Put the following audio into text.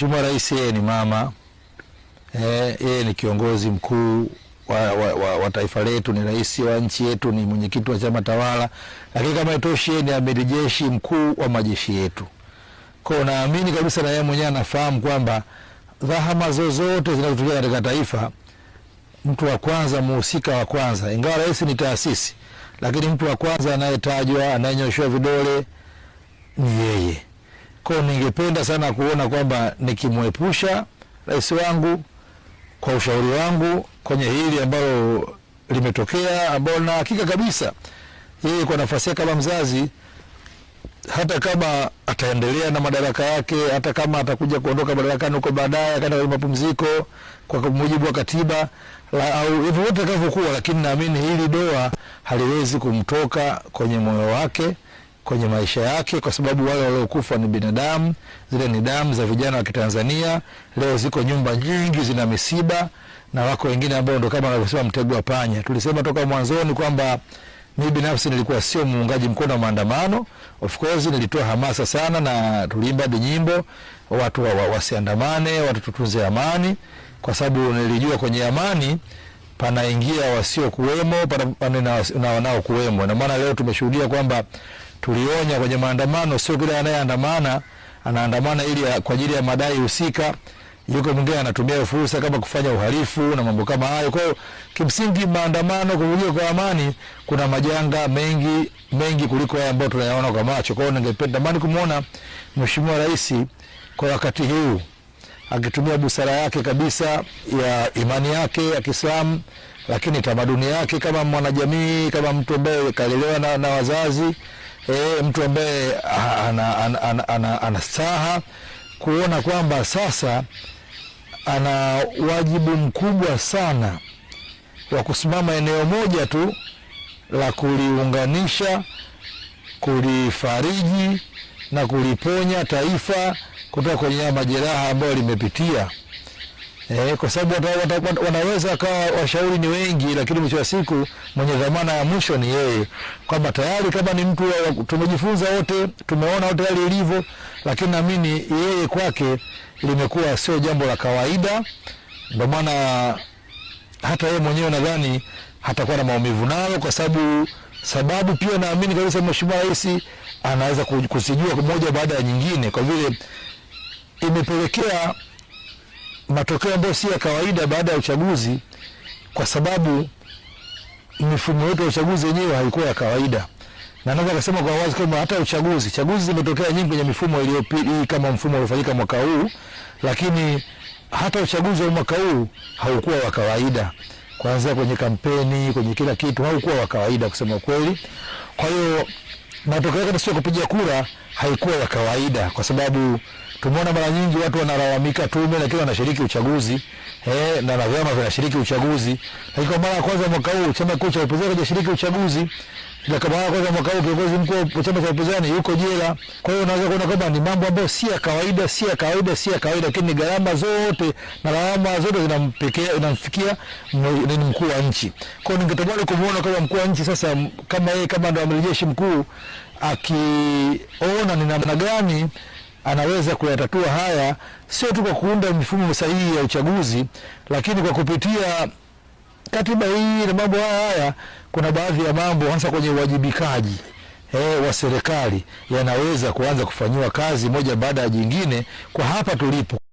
Mheshimiwa Rais yeye ni mama eh, yeye eh, ni kiongozi mkuu wa, wa, wa, wa taifa letu, ni rais wa nchi yetu, ni mwenyekiti wa chama tawala, lakini kama itoshi, yeye ni amiri jeshi mkuu wa majeshi yetu. Kwa hiyo naamini kabisa na yeye mwenyewe anafahamu kwamba dhahama zozote zinazotokea katika taifa, mtu wa kwanza, mhusika wa kwanza, ingawa rais ni taasisi, lakini mtu wa kwanza anayetajwa, anayenyoshewa vidole ni yeye. Kwa ningependa sana kuona kwamba nikimwepusha rais wangu kwa ushauri wangu kwenye hili ambalo limetokea, ambalo na hakika kabisa yeye kwa nafasi yake kama mzazi, hata kama ataendelea na madaraka yake, hata kama atakuja kuondoka madarakani huko baadaye akaenda kwenye mapumziko kwa mujibu wa katiba la, au hivyo wote atakavyokuwa, lakini naamini hili doa haliwezi kumtoka kwenye moyo wake kwenye maisha yake, kwa sababu wale waliokufa ni binadamu. Zile ni damu za vijana wa Kitanzania. Leo ziko nyumba nyingi zina misiba, na wako wengine ambao ndo kama wanavyosema mtego wa panya. Tulisema toka mwanzoni kwamba mi binafsi nilikuwa sio muungaji mkono wa maandamano. Of course nilitoa hamasa sana na tuliimba hadi nyimbo watu wa, wa, wasiandamane, watu tutunze amani, kwa sababu nilijua kwenye amani panaingia wasiokuwemo pana, pana na wanaokuwemo, na maana leo tumeshuhudia kwamba tulionya kwenye maandamano, sio kila anayeandamana anaandamana ili kwa ajili ya madai husika. Yuko mwingine anatumia fursa kama kufanya uhalifu na mambo kama hayo. Kwa hiyo kimsingi, maandamano kuvuja kwa amani, kuna majanga mengi mengi kuliko haya ambayo tunayaona kwa macho. Kwa hiyo ningependa ningetamani kumwona Mheshimiwa Rais kwa wakati huu akitumia busara yake kabisa ya imani yake ya Kiislamu, lakini tamaduni yake kama mwanajamii, kama mtu ambaye kalelewa na, na wazazi e, mtu ambaye ana, ana, ana, ana, ana kuona kwamba sasa ana wajibu mkubwa sana wa kusimama eneo moja tu la kuliunganisha, kulifariji na kuliponya taifa kutoka kwenye majeraha ambayo limepitia eh, kwa sababu wanaweza kawa washauri ni wengi, lakini mwisho wa siku mwenye dhamana ya mwisho ni yeye, kwamba tayari kama ni mtu tumejifunza wote, tumeona wote hali ilivyo, lakini naamini yeye kwake limekuwa sio jambo la kawaida. Ndio maana hata yeye mwenyewe nadhani hatakuwa na maumivu nayo, kwa sababu sababu pia naamini kabisa Mheshimiwa Rais anaweza kuzijua moja baada ya nyingine, kwa vile imepelekea matokeo ambayo si ya kawaida baada ya uchaguzi, kwa sababu mifumo yetu ya uchaguzi yenyewe haikuwa ya kawaida, na naweza kusema kwa wazi kwamba hata uchaguzi chaguzi zimetokea nyingi kwenye mifumo iliyopita kama mfumo uliofanyika mwaka huu, lakini hata uchaguzi wa mwaka huu haukuwa wa kawaida, kuanzia kwenye kampeni, kwenye kila kitu haukuwa wa kawaida kusema kweli. Kwa hiyo matokeo yake sio ya kupiga kura haikuwa ya kawaida, kwa sababu tumeona mara nyingi watu wanalalamika tume, lakini wanashiriki uchaguzi eh, na vyama vinashiriki uchaguzi, lakini kwa mara ya kwanza mwaka huu chama kikuu cha upinzani hajashiriki uchaguzi. Mara kwanza mwaka huu kiongozi mkuu wa chama cha upinzani yuko jela. Kwa hiyo unaweza kuona kwamba ni mambo ambayo si ya kawaida, si ya kawaida, si ya kawaida, lakini ni gharama zote na gharama zote zinampekea inamfikia nini mkuu wa nchi. Kwa hiyo ningetamani kumuona kama mkuu wa nchi sasa, kama yeye kama ndo amiri jeshi mkuu, akiona ni namna gani anaweza kuyatatua haya, sio tu kwa kuunda mifumo sahihi ya uchaguzi, lakini kwa kupitia katiba hii na mambo haya haya, kuna baadhi ya mambo hasa kwenye uwajibikaji eh, wa serikali yanaweza kuanza kufanyiwa kazi moja baada ya jingine kwa hapa tulipo.